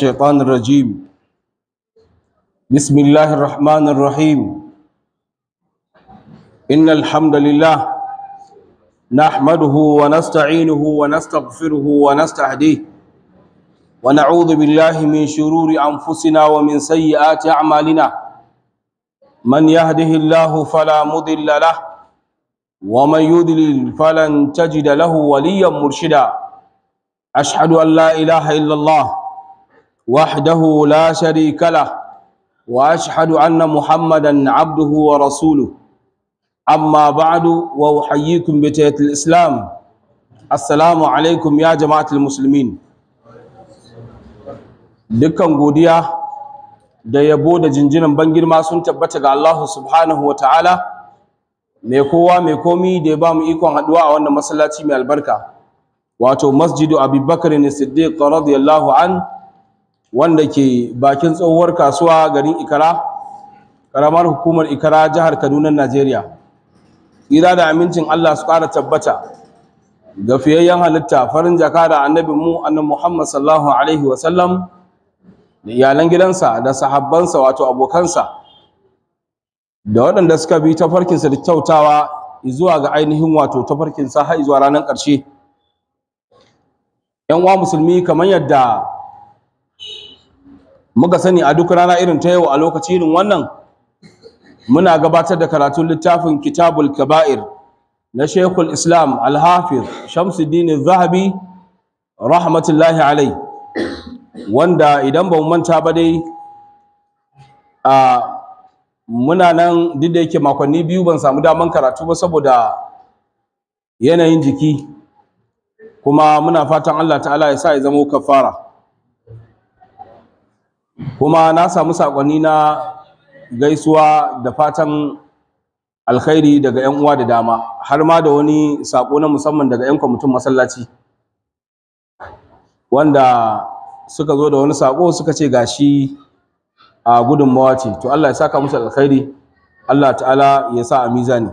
الشيطان الرجيم بسم الله الرحمن الرحيم إن الحمد لله نحمده ونستعينه ونستغفره ونستهديه ونعوذ بالله من شرور أنفسنا ومن سيئات أعمالنا من يهده الله فلا مضل له ومن يضلل فلن تجد له وليا مرشدا أشهد أن لا إله إلا الله وحده لا شريك له واشهد ان محمدا عبده ورسوله اما بعد واحييكم بتحيه الاسلام assalamu alaikum ya jama'atul musulmin dukkan godiya da yabo da jinjinan ban girma sun tabbata ga Allah subhanahu wa ta'ala mai kowa mai komi da ya ba mu ikon haduwa a wannan masallaci mai albarka wato masjidu abubakar ne siddiq radiyallahu an wanda ke bakin tsohuwar kasuwa garin ikara karamar hukumar ikara jihar kaduna najeriya tsira da amincin allah su kara tabbata ga fiyayyen halitta farin jaka da annabi mu annan muhammad sallallahu alaihi wasallam da iyalan gidansa da sahabbansa wato abokansa da waɗanda suka bi tafarkinsa da kyautawa zuwa ga ainihin wato tafarkinsa har zuwa ranar ƙarshe ‘yan uwa musulmi kamar yadda muka sani a duk rana irin ta yau a lokaci irin wannan muna gabatar da karatun littafin kitabul kaba'ir na shekul islam alhafiz shamsuddin zahabi rahmatullahi alai wanda idan ba manta ba dai a muna nan duk da yake makonni biyu ban samu daman karatu ba saboda yanayin jiki kuma muna fatan allah ta'ala ya sa ya zama kafara fara kuma na samu sakonni na gaisuwa da fatan alkhairi daga yan uwa da dama har ma da wani sako na musamman daga yan kwamitin masallaci wanda suka zo da wani sako suka ce gashi a gudunmawa ce to Allah ya saka musu alkhairi Allah ta'ala ya sa a mizani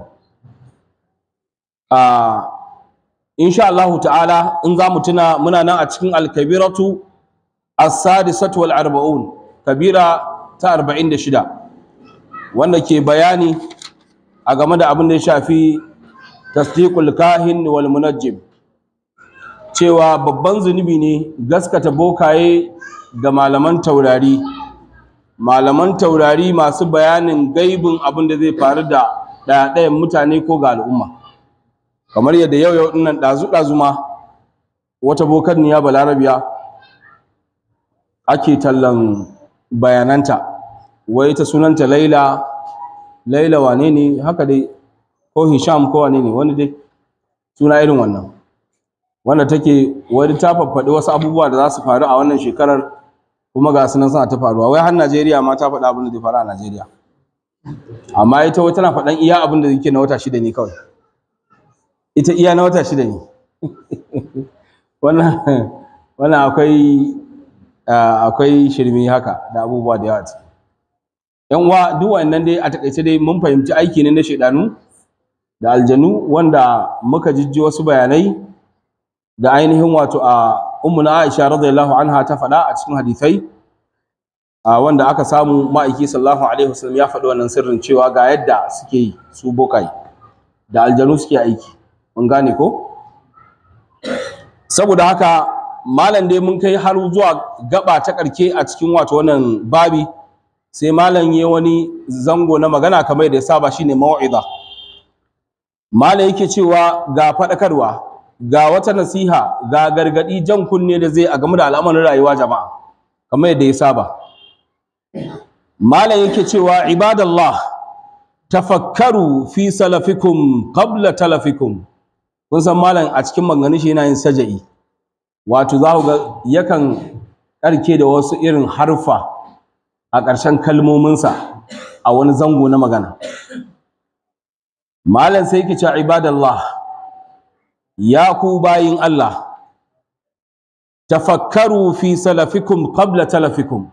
insha Allah ta'ala in za mu tuna muna nan a cikin alkabiratu as-sadisatu wal arba'un kabira ta arba'in da shida, wanda ke bayani a game da abin da ya shafi tasdiqul kahin wal munajjim cewa babban zunubi ne gaskata bokaye da malaman taurari malaman taurari masu bayanin gaibin abin da zai faru da ɗayan mutane ko ga al'umma kamar yadda yau yau dinnan ɗazu-ɗazu ma wata bokan niya balarabiya ake tallan bayananta wai ta sunanta laila laila wane ne haka dai ko hisham ko wane ne wani dai suna irin wannan wanda take wani ta faffaɗi wasu abubuwa da za su faru a wannan shekarar kuma ga sunan suna ta faruwa wai har najeriya ma ta faɗa abin da zai faru a najeriya amma ita wata na faɗan iya abin da yake na wata shida ne kawai ita iya na wata shida ne wannan akwai Eh, akwai shirmi haka da abubuwa da yawa yan uwa duk wannan dai a takaice dai mun fahimci aiki ne na shaidanu da aljanu wanda muka jijji wasu bayanai da ainihin wato a ummuna Aisha radiyallahu anha ta faɗa a cikin hadisai wanda aka samu ma'aiki sallallahu alaihi wasallam ya faɗi wannan sirrin cewa ga yadda suke yi su bokai da aljanu suke aiki mun gane ko saboda haka malam dai mun kai har zuwa gaba ta karke a cikin wato wannan babi sai malam yayi wani zango na magana kamar da ya saba shine mau'iza malam yake cewa ga fadakarwa ga wata nasiha ga gargadi jan kunne da zai a game da al'amarin rayuwa jama'a kamar yadda ya saba malam yake cewa ibadallah tafakkaru fi salafikum qabla talafikum kun san malam a cikin maganganun shi yana yin saja'i wato za ku ga yakan ƙarke da wasu irin harfa a ƙarshen kalmominsa a wani zango na magana malam sai ki ce ibadallah ya ku bayin Allah tafakkaru fi salafikum qabla talafikum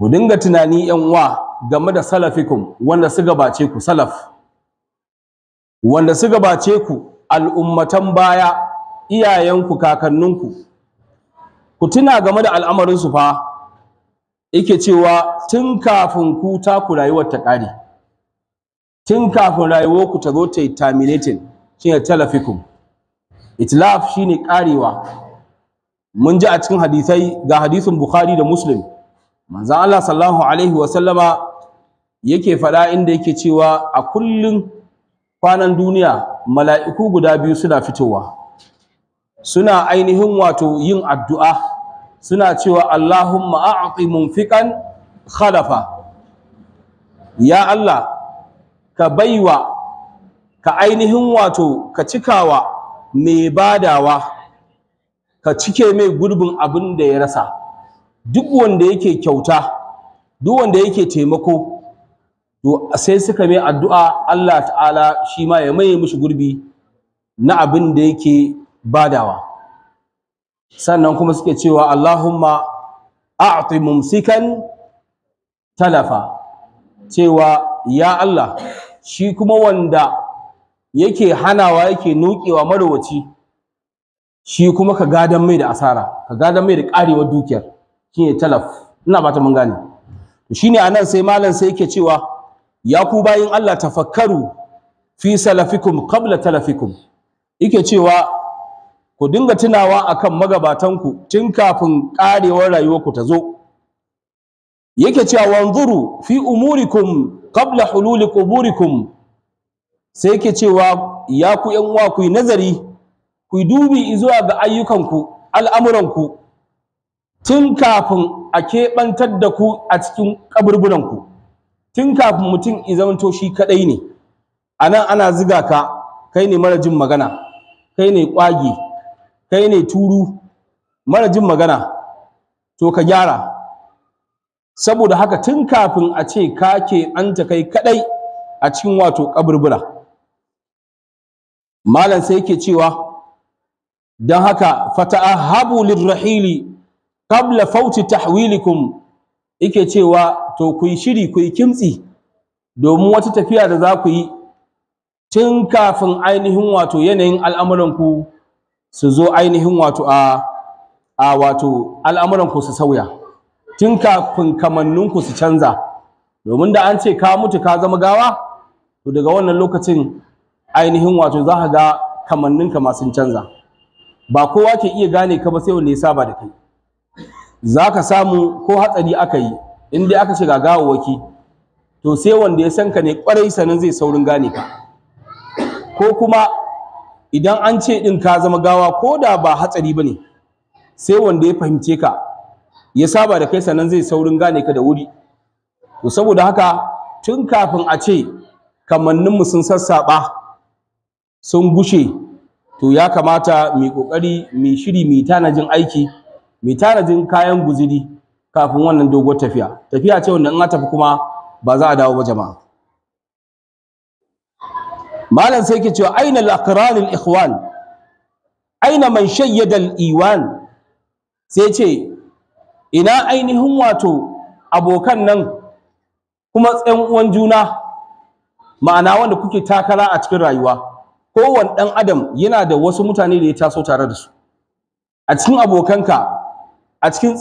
ku dinga tunani yan uwa game da salafikum wanda su gabace ku salaf wanda su gabace ku al'ummatan baya iyayenku kakanninku ku tuna game da al'amarinsu fa yake cewa tun kafin ku ta ku rayuwar ta ƙare tun kafin rayuwarku ta zo ta yi terminating shine talafikum itlaf shine ƙarewa mun ji a cikin hadisai ga hadisin bukhari da muslim manzon Allah sallallahu alaihi wa sallama yake faɗa inda yake cewa a kullum kwanan duniya mala'iku guda biyu suna fitowa suna ainihin wato yin addu'a suna cewa Allahumma a'ti munfiƙan khalafa ya Allah ka baiwa ka ainihin wato ka cikawa mai badawa ka cike mai gurbin abin da ya rasa duk wanda yake kyauta duk wanda yake taimako to sai suka mai addu'a Allah ta'ala shi ma ya maye mishi gurbi na abin da yake badawa sannan kuma suke cewa Allahumma a'ti mumsikan talafa cewa ya Allah shi kuma wanda yake hanawa yake nukewa marowaci shi kuma ka gadan mai da asara ka gadan mai da karewa dukiyar ne talaf ina ba mun gane shine anan sai malam sai yake cewa ya ku bayin Allah tafakkaru fi salafikum qabla talafikum yake cewa ku dinga tunawa akan magabatanku tun kafin karewar rayuwarku ta zo yake cewa wanzuru fi umurikum qabla hululi quburikum sai yake cewa ya ku yan uwa ku nazari ku dubi zuwa ga ayyukanku al'amuranku tun kafin a keɓantar da ku a cikin kaburburanku tun kafin mutum izanto shi kaɗai ne anan ana ziga ka kai ne mara jin magana kai ne ƙwagi kai ne turu mara jin magana to ka gyara saboda haka tun kafin a ce ka ke ta kai kadai a cikin wato kaburbura malam sai yake cewa don haka fata'ahabu lirrahili qabla fauti tahwilikum yake cewa to ku yi shiri ku yi kimtsi domin wata tafiya da za ku yi tun kafin ainihin wato yanayin al'amuranku su zo ainihin wato a wato al'amuran ku su sauya tun kafin kamannin ku su canza domin da an ce ka mutu ka zama gawa to daga wannan lokacin ainihin wato za ka ga kamannin ka masu canza ba kowa ke iya gane ka ba sai wanda ya saba da kai za ka samu ko hatsari aka yi in dai aka ce ga gawawaki to sai wanda ya san ka ne kwarai sanin zai saurin gane ka ko kuma idan an ce din ka zama gawa ko da ba hatsari ba ne sai wanda ya fahimce ka ya saba da kai sannan zai saurin gane ka da wuri to saboda haka tun kafin a ce kamanninmu sun sassaɓa sun gushe to ya kamata mai ƙoƙari mu shiri mai tanajin aiki mai tanajin kayan guziri kafin wannan dogon tafiya tafiya ce wanda in tafi kuma ba za a dawo ba jama'a malam sai ke cewa aina al-aqranil ikhwan aina man shayyada al-iwan sai ce ina ainihin wato abokan nan kuma tsayan uwan juna ma'ana wanda kuke takara a cikin rayuwa kowane ɗan adam yana da wasu mutane da ya taso tare da su a cikin abokanka a cikin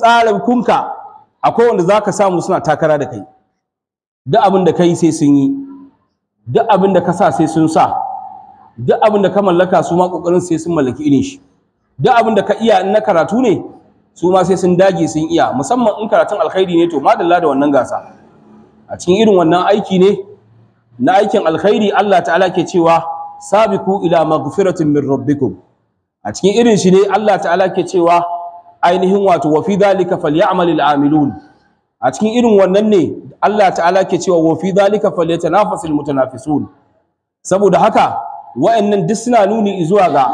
kunka akwai wanda zaka samu suna takara da kai duk abin da kai sai sun yi duk abin da ka sa sai sun sa duk abin da ka mallaka su ma kokarin sai sun mallaki irin shi duk abin da ka iya in na karatu ne su ma sai sun dage sun iya musamman in karatun alkhairi ne to madalla da wannan gasa a cikin irin wannan aiki ne na aikin alkhairi Allah ta'ala ke cewa sabiku ila maghfiratin min rabbikum a cikin irin shi ne Allah ta'ala ke cewa ainihin wato wa fi dhalika falyamal al'amilun a cikin irin wannan ne Allah ta'ala ke cewa wa fi dhalika falyatanafasul mutanafisun saboda haka wa'annan duk suna nuni zuwa ga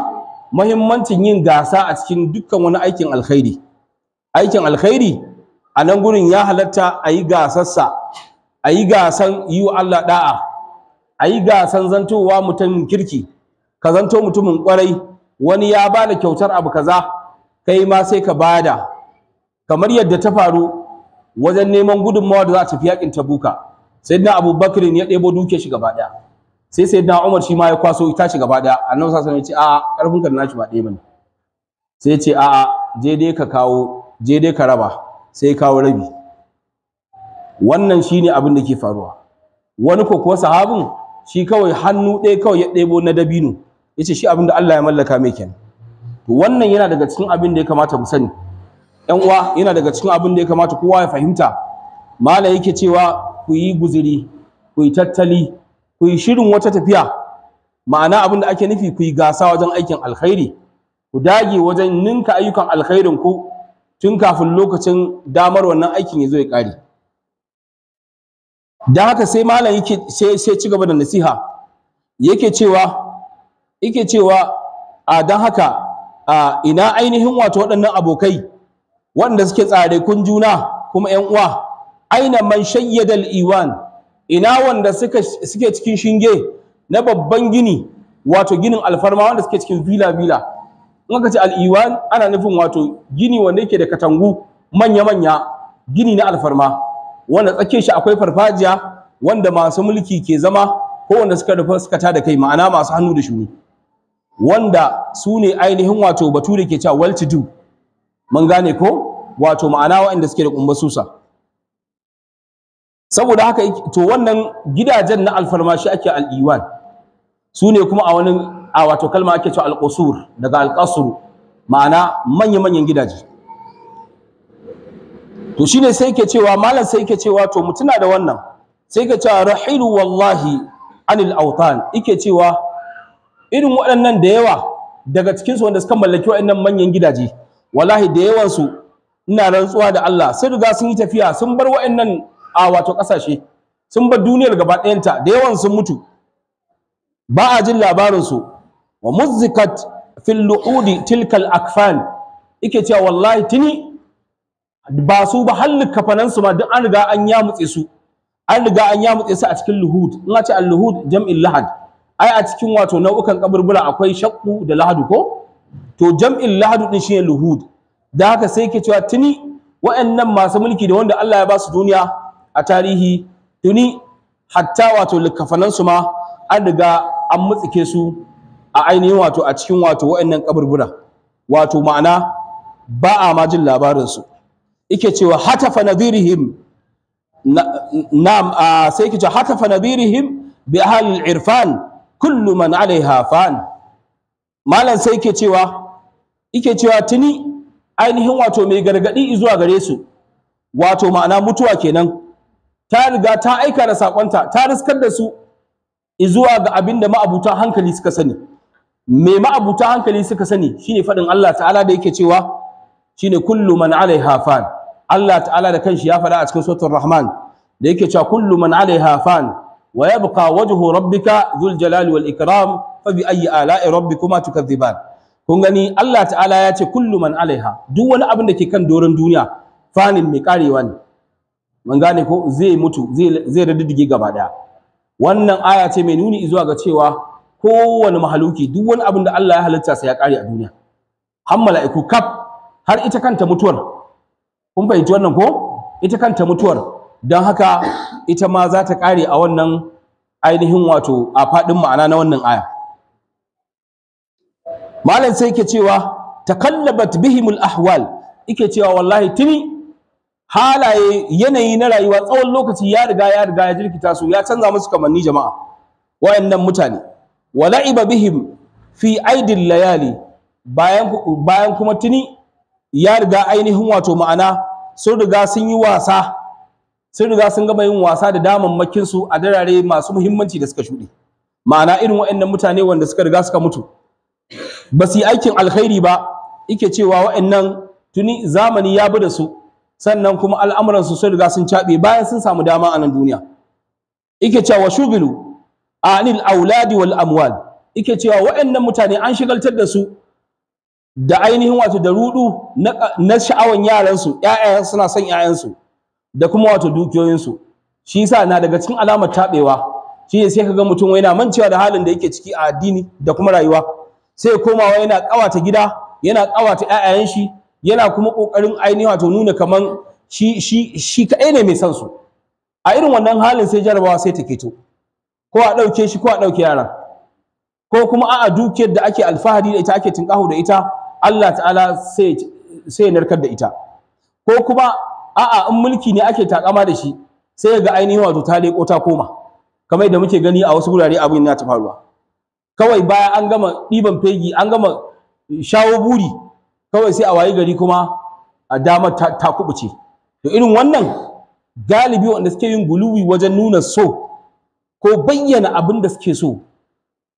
muhimmancin yin gasa a cikin dukkan wani aikin alkhairi aikin alkhairi a nan gurin ya halatta a yi gasarsa a yi gasan yi wa Allah da'a a yi gasan zantowa mutumin kirki ka zanto mutumin kwarai wani ya bada kyautar abu kaza kai ma sai ka bada kamar yadda ta faru wajen neman gudunmawa da za a tafi yakin tabuka sayyidina abubakar ya ɗebo duke shi gaba ɗaya sai sayyidina umar shi ma ya kwaso ita shi gaba ɗaya annabi sallallahu alaihi ya ce a ƙarfin ka na shi ba ɗaya bane sai ce a'a je dai ka kawo je dai ka raba sai kawo rabi wannan shine abin da ke faruwa wani ko kuwa sahabin shi kawai hannu ɗaya kawai ya ɗebo na dabino yace shi abin da Allah ya mallaka mai kenan wannan yana daga cikin abin da ya kamata mu sani yan uwa yana daga cikin abin da ya kamata kowa ya fahimta mala yake cewa ku yi guziri ku yi tattali ku yi shirin wata tafiya ma'ana abin da ake nufi ku yi gasa wajen aikin alkhairi ku dage wajen ninka ayyukan alkhairin ku tun kafin lokacin damar wannan aikin ya zo ya ƙare don haka sai malam yake sai sai ci gaba da nasiha yake cewa yake cewa a don haka ina ainihin wato waɗannan abokai wanda suke tsare kun juna kuma ƴan uwa aina man shayyada iwan ina wanda suka suke cikin shinge na babban gini wato ginin alfarma wanda suke cikin villa villa in aka ce al-iwan ana nufin wato gini wanda yake da katangu manya manya gini na alfarma wanda tsake shi akwai farfajiya wanda masu mulki ke zama ko wanda suka rufa suka tada kai ma'ana masu hannu da shuni wanda su ne ainihin wato batu da ke cewa well to do mun gane ko wato ma'ana wa'anda suke da kumbar susa saboda haka to wannan gidajen na alfarmashi ake al'iwan su ne kuma a wani a wato kalma ake cewa alƙasur daga alƙasur ma'ana manya-manyan gidaje to shine sai ke cewa malam sai ke cewa to mutuna da wannan sai ke cewa rahilu wallahi anil autan ike cewa irin waɗannan da yawa daga cikinsu wanda suka mallaki waɗannan manyan gidaje wallahi da yawansu su ina rantsuwa da Allah sun riga sun yi tafiya sun bar wa'annan a wato kasashe sun bar duniyar gaba ɗayanta da yawan sun mutu ba a jin labarin su wa muzikat fil lu'udi tilkal akfan yake cewa wallahi tuni ba su ba halin kafanan ma duk an riga an yamutse su an riga an ya mutse su a cikin luhud in a ce al-luhud jam'in lahad ai a cikin wato nau'ukan kaburbura akwai shakku da lahadu ko to jam'in lahadu din shine luhud da haka sai yake cewa tuni wa'annan masu mulki da wanda Allah ya ba su duniya a tarihi tuni hatta wato likafanan su ma an riga an mutsike su a ainihin wato a cikin wato wa'annan kaburbura wato ma'ana ba a ma jin labarin su yake cewa hatafa nadirihim na'am sai yake cewa hatafa nadirihim bi ahli al-irfan kullu man alaiha fan malam sai yake cewa yake cewa tuni ainihin wato mai gargadi zuwa gare su wato ma'ana mutuwa kenan ta riga ta aika da sakonta ta riskar da su zuwa ga abinda da ma'abuta hankali suka sani me ma'abuta hankali suka sani shine fadin Allah ta'ala da yake cewa shine kullu man alaiha fan Allah ta'ala da kanshi ya faɗa a cikin suratul rahman da yake cewa kullu man alaiha fan wa yabqa wajhu rabbika dhul jalali wal ikram fa bi ayyi kuma rabbikuma zibar. kun gani Allah ta'ala ya ce kullu man alaiha duk wani abin da ke kan doron duniya fanin mai karewa ne mun gane ko zai mutu zai zai raddige gaba daya wannan aya ce mai nuni zuwa ga cewa kowane mahaluki duk wani abin da Allah ya halitta sai ya kare a duniya har mala'iku kaf har ita kanta mutuwar kun fahimci wannan ko ita kanta mutuwar dan haka ita ma za ta kare a wannan ainihin wato a faɗin ma'ana na wannan aya malam sai yake cewa takallabat bihimul ahwal yake cewa wallahi tuni halaye yanayi na rayuwa tsawon lokaci ya riga ya riga ya jirkita su ya canza musu kamanni jama'a wayannan mutane wala'iba bihim fi aidil layali bayan bayan kuma tuni ya riga ainihin wato ma'ana sun riga sun yi wasa sun riga sun gama yin wasa da damammakin su a darare masu muhimmanci da suka shuɗe ma'ana irin wayannan mutane wanda suka riga suka mutu ba su yi aikin alkhairi ba Ike cewa wa'annan tuni zamani ya bi da su sannan kuma al'amuran su sun riga sun caɓe bayan sun samu dama a nan duniya Ike cewa wa shugilu anil auladi wal amwal Ike cewa wa'annan mutane an shigaltar da su da ainihin wato da rudu na sha'awan yaransu ƴaƴan suna son ƴaƴansu da kuma wato dukiyoyinsu shi yasa na daga cikin alamar taɓewa shi ne sai kaga mutum yana mancewa da halin da yake ciki a addini da kuma rayuwa sai komawa yana kawata gida yana kawata ƴaƴayen shi yana kuma kokarin ainihi wato nuna kaman shi shi shi ne mai san su a irin wannan halin sai jarabawa sai ta keto ko a ɗauke shi ko a ɗauke yaran ko kuma a'a dukiyar da ake alfahari da ita ake tinkaho da ita Allah ta'ala sai sai narkar da ita ko kuma a'a in mulki ne ake takama da shi sai ga ainihi wato ta leko ta koma kamar da muke gani a wasu gurare, abin ya ta faruwa kawai bayan an gama ɗiban fegi an gama shawo buri kawai sai a wayi gari kuma a dama ta, ta kubuce to irin wannan galibi wanda suke yin guluwi wajen nuna so ko bayyana abin da suke so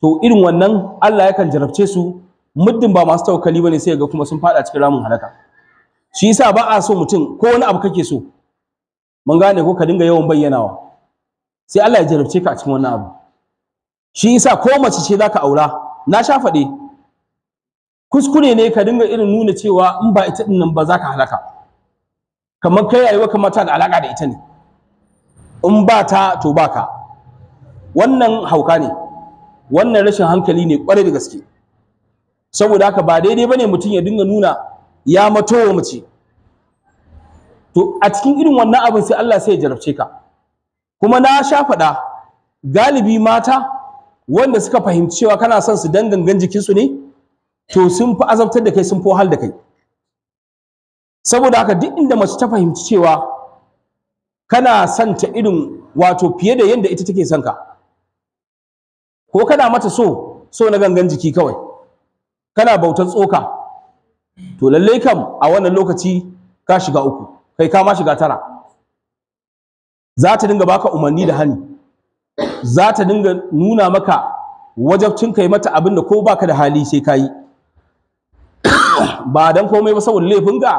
to irin wannan Allah yakan jarabce su muddin ba masu tawakkali bane sai ga kuma sun fada cikin ramin halaka shi yasa ba a so mutum ko wani abu kake so mun gane ko ka dinga yawan bayyanawa sai Allah ya jarabce ka a cikin wannan abu shi yasa ko mace ce zaka aura na sha fade kuskure ne ka dinga irin nuna cewa in ba ita din nan ba zaka halaka kamar kai rayuwa kamar ta da alaka da ita ne in ba ta to baka wannan hauka ne wannan rashin hankali ne kwarai da gaske saboda haka ba daidai bane mutum ya dinga nuna ya matowa mace to a cikin irin wannan abin sai Allah sai ya jarabce ka kuma na sha faɗa galibi mata wanda suka fahimci cewa kana son su dangangan jikinsu ne to sun fi azabtar da kai sun fi wahal da kai saboda haka duk inda mace ta fahimci cewa kana son ta irin wato fiye da yadda ita take son ka ko kana mata so so na gangan jiki kawai kana bautar tsoka to lallai kam a wannan lokaci ka shiga uku kai ka ma shiga tara za ta dinga baka umarni da hani za ta dinga nuna maka wajabcin kai mata abin da ko baka da hali sai ka yi ba dan komai ba saboda laifinka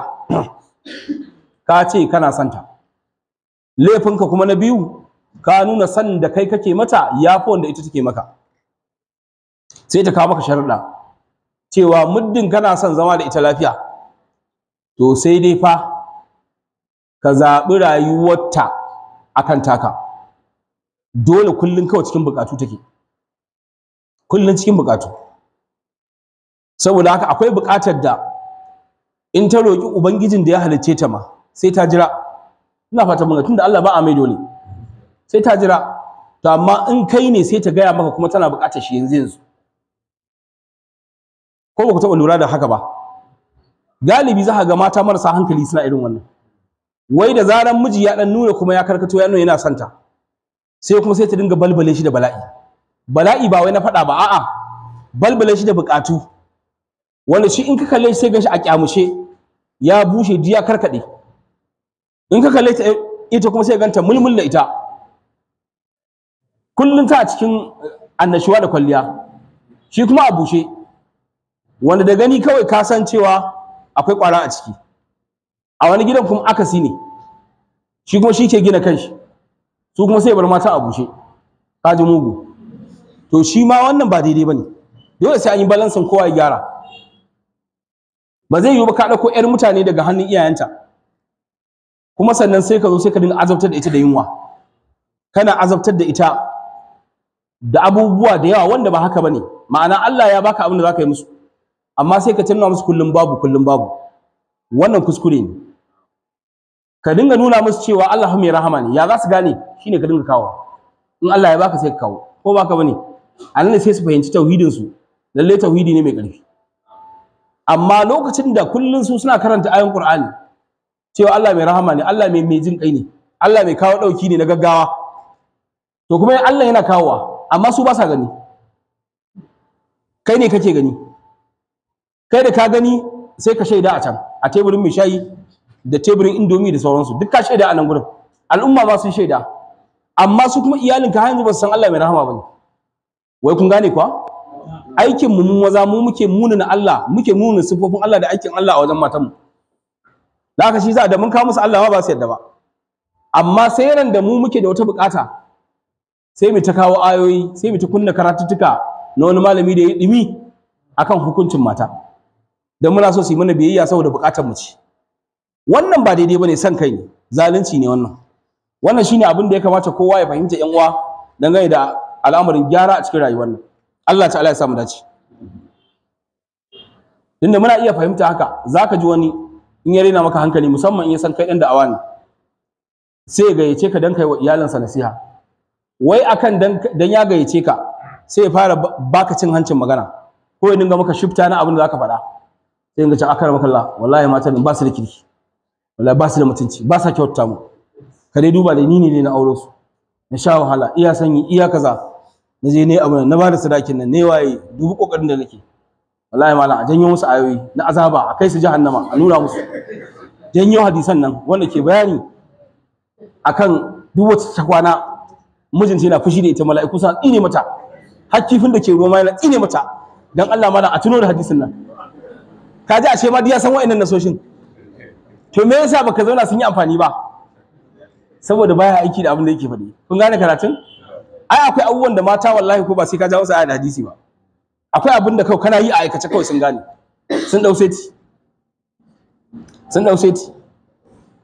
ka ce kana santa ka kuma na biyu ka nuna san da kai kake mata ya fi wanda ita take maka sai ta kawo maka sharuɗa cewa muddin kana son zama da ita lafiya to sai dai fa ka zaɓi rayuwarta akan taka dole kullun kawai cikin bukatu take kullun cikin bukatu saboda haka akwai bukatar da in ta roƙi ubangijin da ya halicce ta ma sai ta jira ina fata mun tunda Allah ba a mai dole sai ta jira to amma in kai ne sai ta gaya maka kuma tana bukatar shi yanzu yanzu ko ba ku taɓa lura da haka ba galibi za ka ga mata marasa hankali suna irin wannan wai da zaran miji ya dan nuna kuma ya karkato ya nuna yana santa sai kuma sai ta dinga balbale shi da bala'i bala'i ba wai na faɗa ba a'a balbale shi da buƙatu wanda shi in ka kalle shi sai ga shi a kyamushe ya bushe ji karkade in ka kalle ta ita kuma sai ganta mulmul da ita kullun ta a cikin eh, annashuwa da kwalliya shi kuma a bushe wanda da gani kawai ka san cewa akwai ƙwara a ciki a wani gidan kuma akasi ne shi kuma shi ke gina kanshi su kuma sai bar mata a bushe kaji mugu to shi ma wannan ba daidai bane dole sai an yi balansin kowa ya gyara ba zai yi ba ka dauko 'yar mutane daga hannun iyayenta kuma sannan sai ka zo sai ka dinga azabtar da ita da yunwa kana azabtar da ita da abubuwa da yawa wanda ba haka bane ma'ana Allah ya baka abin da zaka yi musu amma sai ka tunna musu kullum babu kullum babu wannan kuskure ne ka dinga nuna musu cewa Allah mai rahama ne ya za su gane shine ka dinga kawo in Allah ya baka sai ka kawo ko baka bane a nan sai su fahimci tauhidin su lalle tauhidi ne mai ƙarfi amma lokacin da kullun su suna karanta ayan Qur'ani cewa Allah mai rahama ne Allah mai mai jin kai ne Allah mai kawo dauki ne na gaggawa to kuma Allah yana kawowa amma su ba sa gani kai ne kake gani kai da ka gani sai ka shaida a can a teburin mai shayi da teburin indomi da sauransu duk ka shaida a nan gurin al'umma ma sun shaida amma su kuma iyalin ka yanzu ba su san Allah mai rahama bane wai kun gane kuwa aikin mu mun waza mu muke munana Allah muke sifofin Allah da aikin Allah a wajen matan mu da haka shi za da mun kawo musu Allah ma ba su yadda ba amma sai ran da mu muke da wata bukata sai mu ta kawo ayoyi sai mu ta kunna karatuttuka na wani malami da ya dimi akan hukuncin mata dan muna so su yi mana biyayya saboda bukatar mu ce wannan ba daidai bane san kai zalunci ne wannan wannan shine abin da ya kamata kowa ya fahimta yan uwa dangane da al'amarin gyara a cikin rayuwar nan Allah ta'ala ya samu dace tunda muna iya fahimta haka zaka ji wani in ya rena maka hankali musamman in ya san kai dan da'awa ne sai ya gayyace ka dan kai wa iyalinsa nasiha wai akan dan ya gayyace ka sai ya fara baka cin hancin magana ko ya dinga maka shifta na abin da zaka faɗa sai in ga can akara maka Allah wallahi matan ba su da kirki wala ba su da mutunci ba sa kyautata mu ka dai duba da ni ne na aure su na sha wahala iya sanyi iya kaza na je ne abin na ba da sadakin nan ne waye dubu kokarin da nake wallahi malam a janyo musu ayoyi na azaba a kai su jahannama a nuna musu janyo hadisan nan wanda ke bayani akan duk wata ta kwana mijinta yana fushi da ita mala'iku sa tsine mata har kifin da ke ruwa ma yana tsine mata dan Allah malam a tuno da hadisin nan kaji a ce ma diya san wa'annan nasoshin to me yasa baka zauna sun yi amfani ba saboda baya aiki da abin da yake faɗi kun gane karatun ai akwai abubuwan da mata wallahi ko ba sai ka ja musu ayat hadisi ba akwai abin da kawai kana yi a aikace kawai sun gane sun dau seti sun dau seti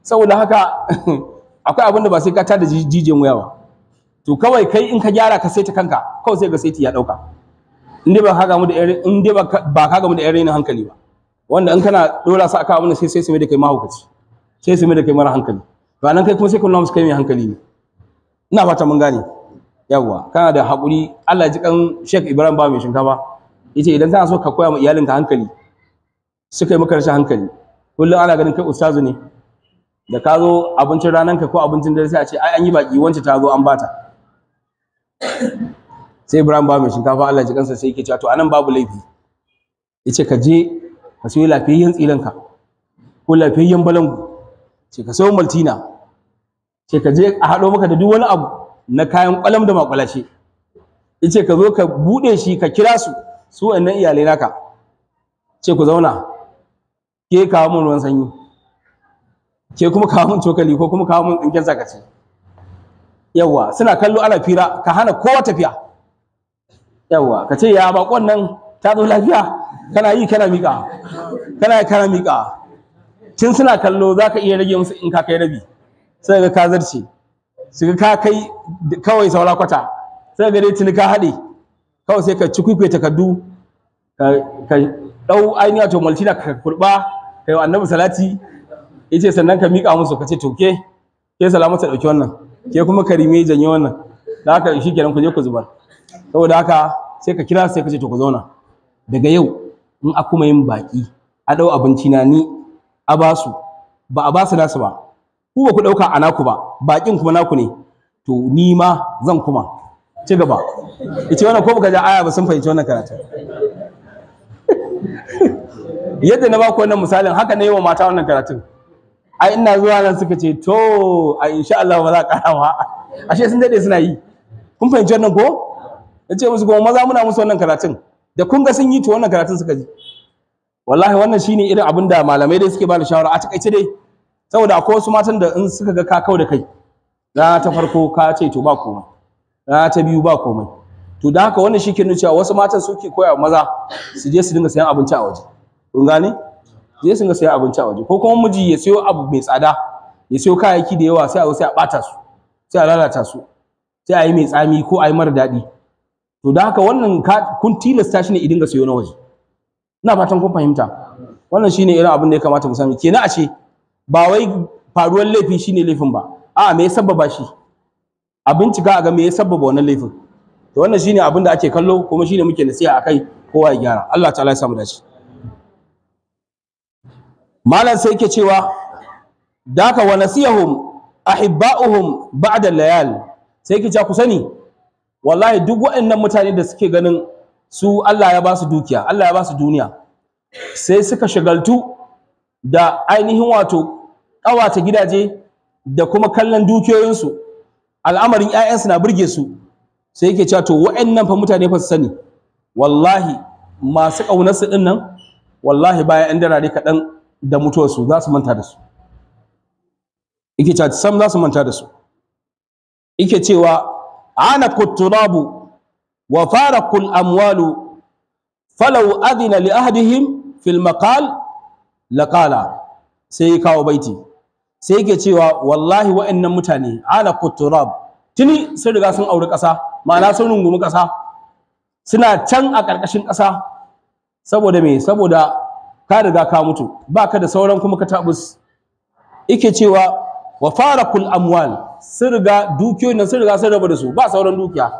saboda haka akwai abin da ba sai ka tada jijiyan wuya ba to kawai kai in ka gyara ka ta kanka kawai sai ga seti ya dauka in dai ba ka gamu da in dai ba ka gamu da yan hankali ba wanda in kana dora su aka abin da sai sai su mai da kai mahaukaci sai su mai da kai mara hankali to anan kai kuma sai ka nuna kai mai hankali ne ina fata mun gane yawwa kana da haƙuri Allah ji kan Sheikh Ibrahim ba mai shinkafa yace idan kana so ka koya ma iyalinka hankali su kai maka rashin hankali kullum ana ganin kai ustazu ne da ka zo abincin ranar ka ko abincin dare sai a ce ai an yi baki wance ta zo an bata sai Ibrahim ba mai shinkafa Allah ji kansa sai yake cewa to anan babu laifi yace ka je ka sayo lafiyayyen tsilanka ko lafiyayyen balangu ce ka sayo maltina ce ka je a haɗo maka da duk wani abu na kayan ƙwalam da maƙwalashe Ice ka zo ka buɗe shi ka kira su su wannan iyalai naka ce ku zauna ke kawo mun ruwan sanyi ke kuma kawo mun cokali ko kuma kawo mun tsinken zakaci yawwa suna kallo ana fira ka hana kowa tafiya yawwa ka ce ya bakon nan ta zo lafiya kana yi kana miƙa kana yi kana miƙa tun suna kallo za ka iya rage musu in ka kai rabi sai ga ka zarce su ka kai kawai saura kwata sai ga dai tuni ka haɗe kawai sai ka ci kwikwe takardu ka ɗau ainihin wato maltina ka kurɓa ka yi annabi salati ya ce sannan ka miƙa musu ka ce to ke ke salamu ta ɗauki wannan ke kuma karime janye wannan da haka shi kenan ku je ku zubar saboda haka sai ka kira sai ka ce to ku zauna daga yau in a kuma yin baƙi a dau abinci na ni a basu ba a basu nasu ba ku ba ku ɗauka a naku ba baƙin kuma naku ne to ni ma zan kuma ci gaba ita wannan ko baka ja aya ba sun fahimci wannan karatu yadda na baku wannan misalin haka ne yi wa mata wannan karatun ai ina zuwa nan suka ce to a insha Allah ba za a ƙara ba ashe sun dade suna yi kun fahimci wannan ko na ce musu kuma maza muna musu wannan karatun da kun ga sun yi to wannan karatun suka ji wallahi wannan shine irin abin da malamai dai suke bada shawara a takaice dai saboda akwai wasu matan da in suka ga ka kau da kai na ta farko ka ce to ba komai na ta biyu ba komai to da haka wannan shike nuna cewa wasu matan suke koya maza su je su dinga sayan abinci a waje kun gane je su dinga sayan abinci a waje ko kuma miji ya sayo abu mai tsada ya sayo kayayyaki da yawa sai a sai a bata su sai a lalata su sai a yi mai tsami ko a yi mara daɗi to da haka wannan kun tilasta shi ne idin ga sayo na waje ina fatan kun fahimta wannan shine irin abin da ya kamata ku sani kenan a ce ba wai faruwar laifi shine laifin ba a me ya sabbaba shi a bincika a ga me ya sabbaba wannan laifin to wannan shine abin da ake kallo kuma shine muke nasiha akai kowa ya gyara Allah ta'ala ya samu dace malam sai yake cewa daka wa nasiyahum ahibba'uhum ba'da layal sai yake cewa ku sani wallahi duk waɗannan mutane da suke ganin su Allah ya ba su dukiya Allah ya ba su duniya sai suka shagaltu da ainihin wato ƙawata gidaje da kuma kallon dukiyoyinsu al'amarin 'ya'yansu na burge su sai yake cewa to waɗannan fa mutane fa su sani wallahi masu ƙaunarsu ɗin nan wallahi baya 'yan darare kaɗan da mutuwarsu za su manta da su yake cewa sam za su manta da su yake cewa Hana turabu wa farakul amwalu falau adina li ahadihim fil makal lakala sai yi kawo baiti sai yake cewa wallahi wa nan mutane Hana turabu Tini sun riga sun auri ƙasa. ma'ana sun rungumi kasa suna can a karkashin ƙasa. saboda mai saboda ka riga ka mutu ba ka da sauran kuma ka tabus yake cewa wa farakul amwal sun riga dukiyoyin nan sun riga sun rabu da su ba sauran dukiya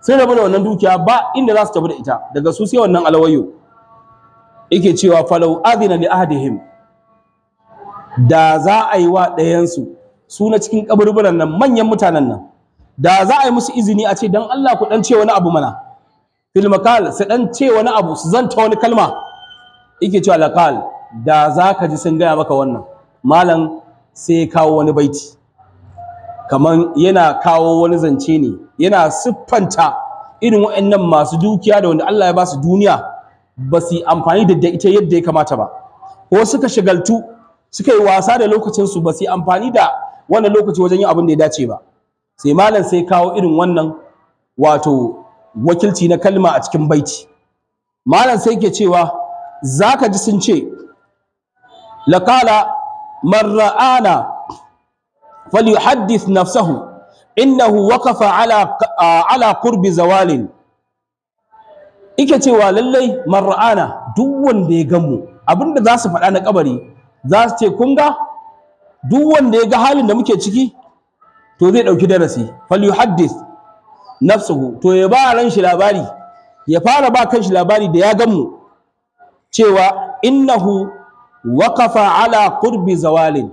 sun rabu da wannan dukiya ba inda za su tafi da ita daga su sai wannan alwayo yake cewa falau adina li ahadihim da za a yi wa ɗayansu su na cikin kaburburan nan manyan mutanen nan da za a yi musu izini a ce dan Allah ku dan ce wani abu mana fil makal su dan ce wani abu su zanta wani kalma yake cewa laqal da za ka ji sun gaya maka wannan malam sai ya kawo wani baiti kaman yana kawo wani zance ne yana siffanta irin waɗannan masu dukiya da wanda Allah ya ba su duniya ba su amfani da ita yadda ya kamata ba ko suka shigaltu suka yi wasa da lokacinsu ba su amfani da wannan lokaci wajen yin abin da ya dace ba sai malam sai kawo irin wannan wato wakilci na kalma a cikin baiti malam sai ke cewa zaka ji sun ce laqala man falyuhaddith nafsahu innahu waqafa ala ala qurbi zawalin ike cewa lallai mar'ana duk wanda ya gamu abinda za su faɗa na kabari za su ce kun ga duk wanda ya ga halin da muke ciki to zai ɗauki darasi falyuhaddith nafsuhu to ya ba ran shi labari ya fara ba kan shi labari da ya gamu cewa innahu waqafa ala qurbi zawalin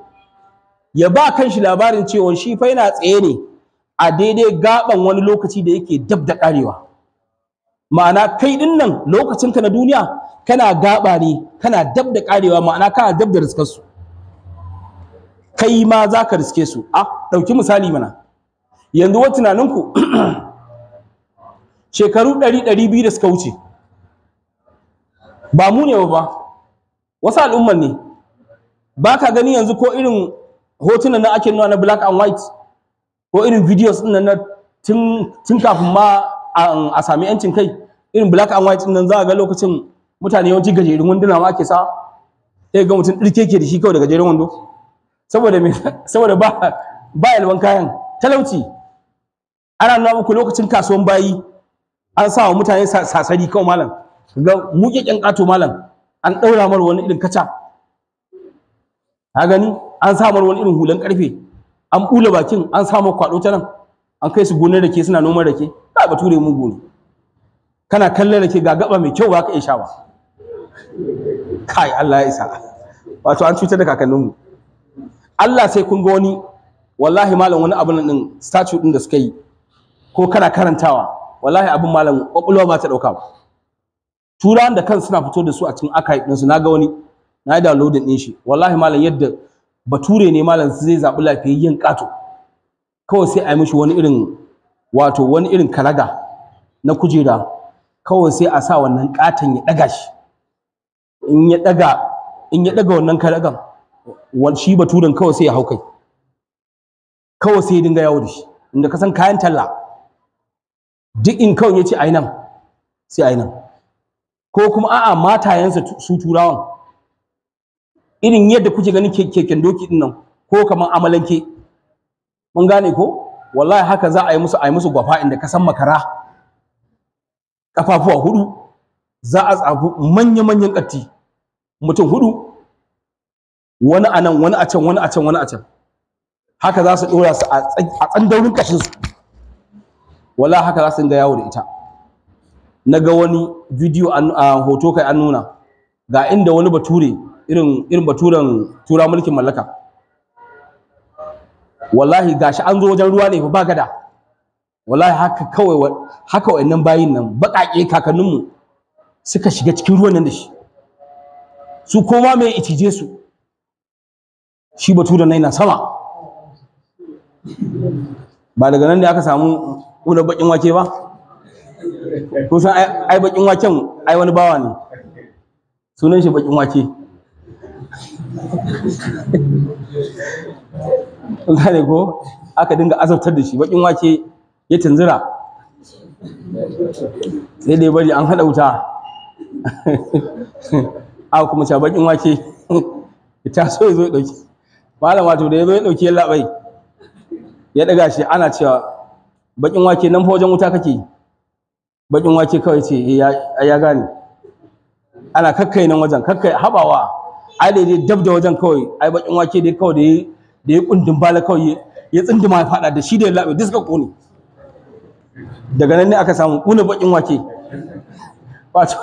ya ba kanshi labarin cewa shi fa yana tsaye ne a daidai gaban wani lokaci da yake dab da karewa ma'ana kai din nan lokacinka na duniya kana gaba ne kana dab da karewa ma'ana kana dab da riskar su kai ma za ka riske su a ah, ɗauki misali mana yanzu tunaninku shekaru ɗari ɗari biyu da suka wuce ba mu ne ba wasu al'umman ne ba ka gani yanzu ko irin hotunan nan ake nuna na black and white ko irin videos din nan tun kafin ma a sami yancin kai irin black and white din nan za ga lokacin mutane yawanci gajerun wanduna ma ake sa sai ga mutum dirke ke da shi kawai da gajerun wando saboda me saboda ba ba yalwan kayan talauci ana nuna muku lokacin kasuwan bayi an sa wa mutane sasari kawai malam ga muƙeƙen kato malam an ɗaura mar wani irin kaca ka gani an samar wani irin hulan karfe an bula bakin an samar kwado ta nan an kai su gonar rake suna noman rake ba ture mu gone kana kallon rake ga gaba mai kyau ba ka iya shawa. ba kai Allah ya isa wato an cutar da kakanninmu Allah sai kun ga wani wallahi malam wani abun din statue din da suka yi ko kana karantawa wallahi abin malam kwakwalwa ba ta dauka ba turan da kan suna fito da su a cikin akai din su naga wani na yi downloading din shi wallahi malam yadda bature ne malam zai zaɓi lafiyayyen ƙato kawai sai a yi mishi wani irin wato wani irin kalaga na kujera kawai sai a sa wannan ƙaton ya ɗaga shi in ya ɗaga in ya daga wannan kalagan shi baturen kawai sai ya hau kai kawai sai ya dinga yawo da shi inda ka san kayan talla duk in kawai ya ce a nan sai a nan ko kuma a'a matayensa su turawan irin yadda kuke ganin keken doki din nan ko kaman amalanke mun gane ko wallahi haka za a yi musu a yi musu gwafa inda ka san makara kafafuwa hudu za a tsafu manya manyan katti mutum hudu wani a nan wani a can wani a can wani a can haka za su dora su a tsandaurin kashin su wallahi haka za su dinga yawo da ita na ga wani bidiyo a hoto kai an nuna ga inda wani bature irin baturan tura mulkin mallaka wallahi gashi an zo wajen ruwa ne ba gada wallahi haka kawai haka wayannan bayin nan baƙaƙe kakanninmu suka shiga cikin ruwan nan da shi su koma mai itije su shi baturan nan yana sama ba daga nan da aka samu ƙunar baƙin wake ba ko ai baƙin waken ai wani bawa ne sunan shi baƙin wake kun ko aka dinga azabtar da shi baƙin wake ya tunzura sai dai bari an haɗa wuta a kuma ca baƙin wake ta so ya zo ya ɗauki malam wato da ya zo ya ɗauki ya labai ya ɗaga shi ana cewa baƙin wake nan fa wajen wuta kake baƙin wake kawai ce eh, ya gane ana kakkai nan wajen kakkai habawa ai da dab da wajen kawai ai bakin wake dai kawai da yi da yi kundin bala kawai ya tsindima ya fada da shi da ya labe duk suka kone daga nan ne aka samu kuna bakin wake wato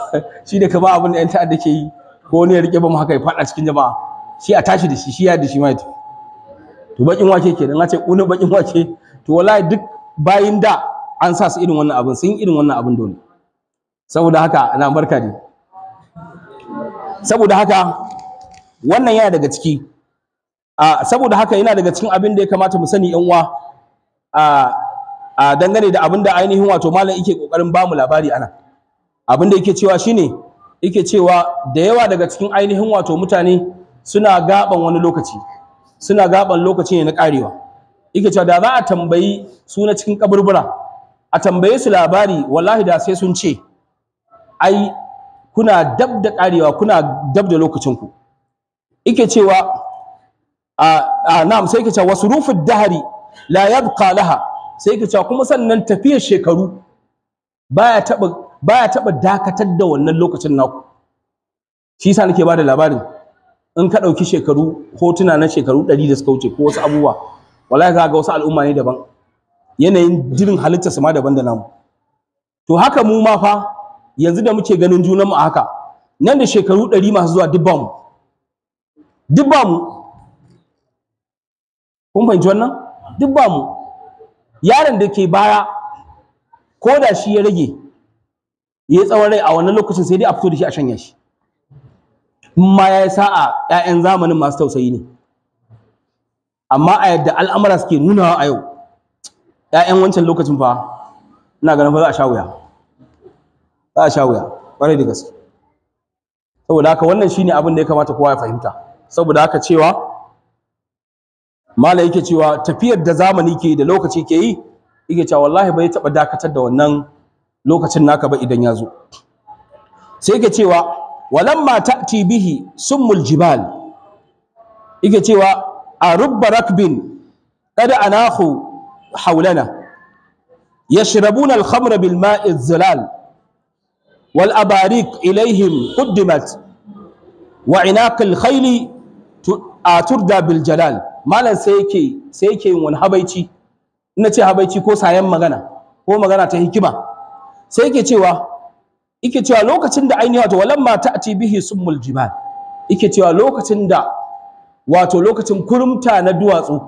shi da ka ba abin da yan ta'adda ke yi ko ne ya rike ba mu haka ya fada cikin jama'a shi a tashi da shi shi ya da shi mai to bakin wake ke dan ace kuna bakin wake to wallahi duk bayin da an sa su irin wannan abin sun yi irin wannan abin dole saboda haka na barka dai saboda haka wannan yana daga ciki a saboda haka yana daga cikin abin da ya kamata mu sani yan uwa a a dangane da abin da ainihin wato malam yake kokarin bamu labari ana abin da yake cewa shine yake cewa da yawa daga cikin ainihin wato mutane suna gaban wani lokaci suna gaban lokaci ne na karewa yake cewa da za a tambayi su na cikin kaburbura a tambaye su labari wallahi da sai sun ce ai kuna dab da karewa kuna dab da lokacinku Ike cewa a na'am sai yake cewa rufin dahari la buka laha sai ka cewa kuma sannan tafiyar shekaru baya taba dakatar da wannan lokacin naku shi sa nake bada labarin in ka ɗauki shekaru hotuna na shekaru 100 da suka wuce ko wasu abubuwa wallahi ka ga wasu al'umma ne daban yanayin jirin halittar su ma daban da namu to haka mu ma fa yanzu da muke ganin junanmu a haka nan da shekaru ɗari masu zuwa duk bamu duk ba mu kun fahimci wannan duk ba mu yaron da ke bara ko da shi ya rage ya yi tsawon rai a wannan lokacin sai dai a fito da shi a shanya shi ma ya yi sa'a 'ya'yan zamanin masu tausayi ne amma a yadda al'amura suke nuna a yau 'ya'yan wancan lokacin fa ina ganin fa za a sha wuya za a sha wuya ƙwarai da gaske saboda haka wannan shine abin da ya kamata kowa ya fahimta saboda haka cewa malai yake cewa tafiyar da zamani ke da lokaci ke yi yake cewa wallahi bai taba dakatar da wannan lokacin naka ba idan ya zo sai yake cewa walamma ta'ti bihi summul jibal yake cewa a rubba rakbin kada anahu hawlana yashrabuna al-khamra bil ma'i zilal wal abariq ilaihim quddimat وعناق الخيل a turda bil jalal malam sai yake sai yake yin wani habaici Ina ce habaici ko sayan magana ko magana ta hikima sai yake cewa yake cewa lokacin da ainihi wato walamma ta'ti bihi summul jibal yake cewa lokacin da wato lokacin kurumta na duwatsu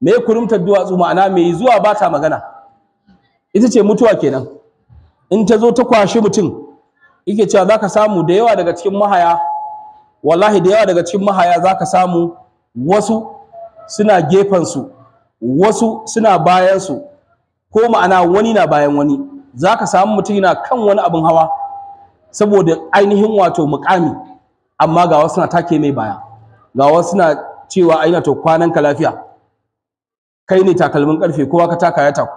me kurumtar duwatsu ma'ana me zuwa ba ta magana ita ce mutuwa kenan in ta zo ta kwashi mutum yake cewa zaka samu da yawa daga cikin mahaya wallahi da yawa daga cikin mahaya zaka samu wasu suna gefansu wasu suna bayansu ko ma'ana wani na bayan wani zaka samu mutum yana kan wani abin hawa saboda ainihin wato mukami amma ga wasu na take mai baya ga wasu na cewa aina to kwanan ka lafiya kai ne takalmin karfe kowa ka taka ya taku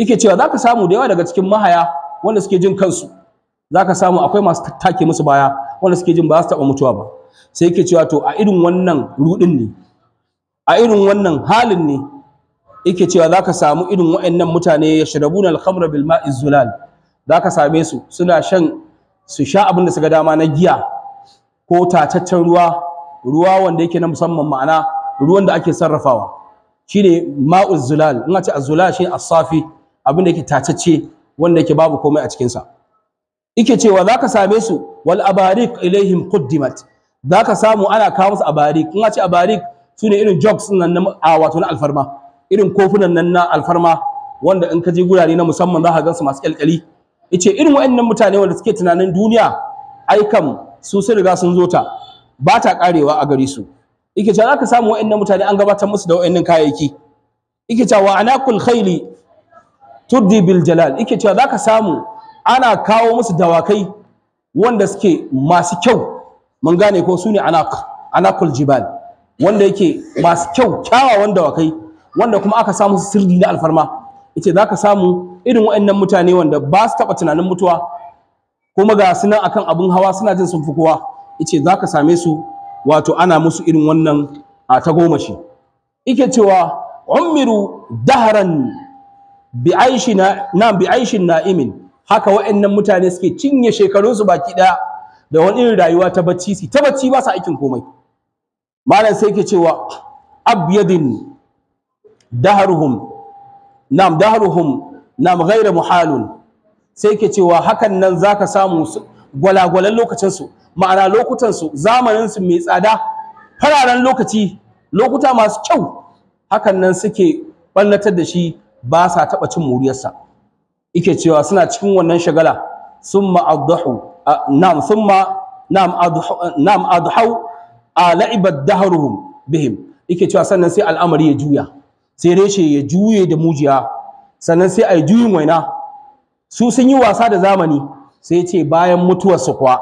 yake cewa zaka samu da yawa daga cikin mahaya wanda suke jin kansu zaka samu akwai masu take musu baya wanda suke jin ba su taɓa mutuwa ba sai yake cewa to a irin wannan ruɗin ne a irin wannan halin ne yake cewa za ka samu irin wa'annan mutane ya shirabuna alhamra bil ma'i zulal za ka same su suna shan su sha abin da ga dama na giya ko tataccen ruwa ruwa wanda yake na musamman ma'ana ruwan da ake sarrafawa shine ma'u zulal in a ce shi shine asafi abin da yake tatacce wanda yake babu komai a cikinsa yake cewa za ka same su wal abarik ilaihim quddimat zaka samu ana kawo musu abarik in ce abarik sune irin jokes nan na wato na alfarma irin kofunan nan na alfarma wanda in ka je gurare na musamman za ka gansu masu kalkali yace irin wayannan mutane wanda suke tunanin duniya ai kam su sun riga sun zo ta ba ta karewa a gare su yake cewa zaka samu wayannan mutane an gabatar musu da wayannan kayayyaki yake cewa wa anakul khayli tuddi bil jalal yake cewa zaka samu ana kawo musu dawakai wanda suke masu kyau mun gane ko su ne anakul jibal wanda yake masu kyau kyawawan dawakai wanda kuma aka samu sirri na alfarma za ka samu irin waɗannan mutane wanda ba su taɓa tunanin mutuwa kuma ga su nan akan abin hawa suna jin sun fi kowa za zaka same su wato ana musu irin wannan a ta shi ike cewa umiru dahran bi na bi aishin na'imin haka wa'annan mutane suke cinye shekarunsu baki ɗaya da wani rayuwa ta bacci su ta bacci ba sa aikin komai malam sai ke cewa abyadin daharuhum nam daharuhum nam ghaira muhalun sai ke cewa hakan nan zaka samu gwalagwalan lokacinsu ma'ana lokutansu zamaninsu mai tsada fararen lokaci lokuta masu kyau hakan nan suke ɓallatar da shi ba sa taɓa cin muriyarsa Ike cewa suna cikin wannan shagala sun adhahu na'am summa na'am adhahu na'am bihim ike cewa sannan sai al'amari ya juya sai reshe ya juye da mujiya sannan sai a yi juyin waina su sun yi wasa da zamani sai ce bayan mutuwarsu kuwa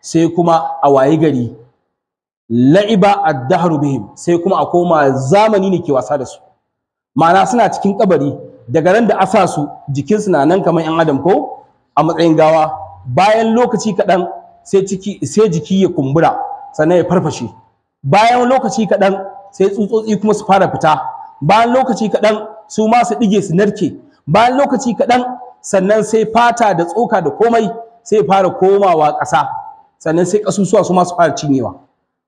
sai kuma a waye gari la'iba ad daharu bihim sai kuma a koma zamani ne ke wasa da su ma'ana suna cikin kabari daga ran da asa su jikinsu na nan kamar 'yan adam ko a matsayin gawa bayan lokaci kaɗan sai ciki sai jiki ya kumbura sannan ya farfashe bayan lokaci kaɗan sai tsutsotsi kuma su fara fita bayan lokaci kaɗan su ma su ɗige su narke bayan lokaci kaɗan sannan sai fata da tsoka da komai sai fara komawa ƙasa sannan sai ƙasusuwa su ma su fara cinyewa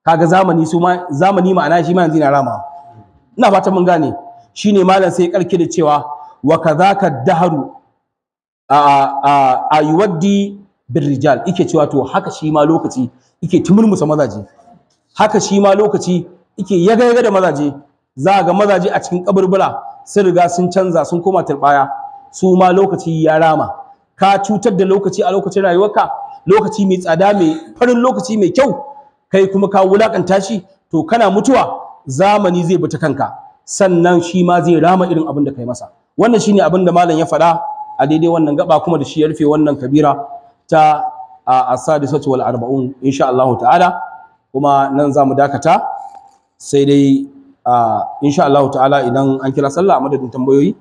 kaga zamani su ma zamani ma'ana shi ma yanzu na rama ina fata mun gane shine malam sai ƙarke da cewa Waka za dahru daharu a yuwaddi birrijal yake cewa to haka shi ma lokaci yake tumurmusa mazaje haka shi ma lokaci yake yaga yaga da mazaje za ga mazaje a cikin kaburbura sun riga sun canza sun koma tarbaya? su ma lokaci ya rama ka cutar da lokaci a lokacin rayuwarka lokaci mai tsada mai farin lokaci mai kyau kai kuma ka wulakanta shi to kana mutuwa zamani zai bi ta kanka sannan shi ma zai rama irin abin da kai masa wannan shine abin da malam ya faɗa a daidai wannan gaba kuma da shi ya rufe wannan kabira ta as-sadisatu wal arba'un insha Allah ta'ala kuma nan za mu dakata sai dai insha Allah ta'ala idan an kira sallah a madadin tambayoyi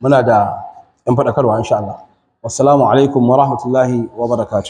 muna da yan faɗakarwa insha Allah wassalamu alaikum wa rahmatullahi wa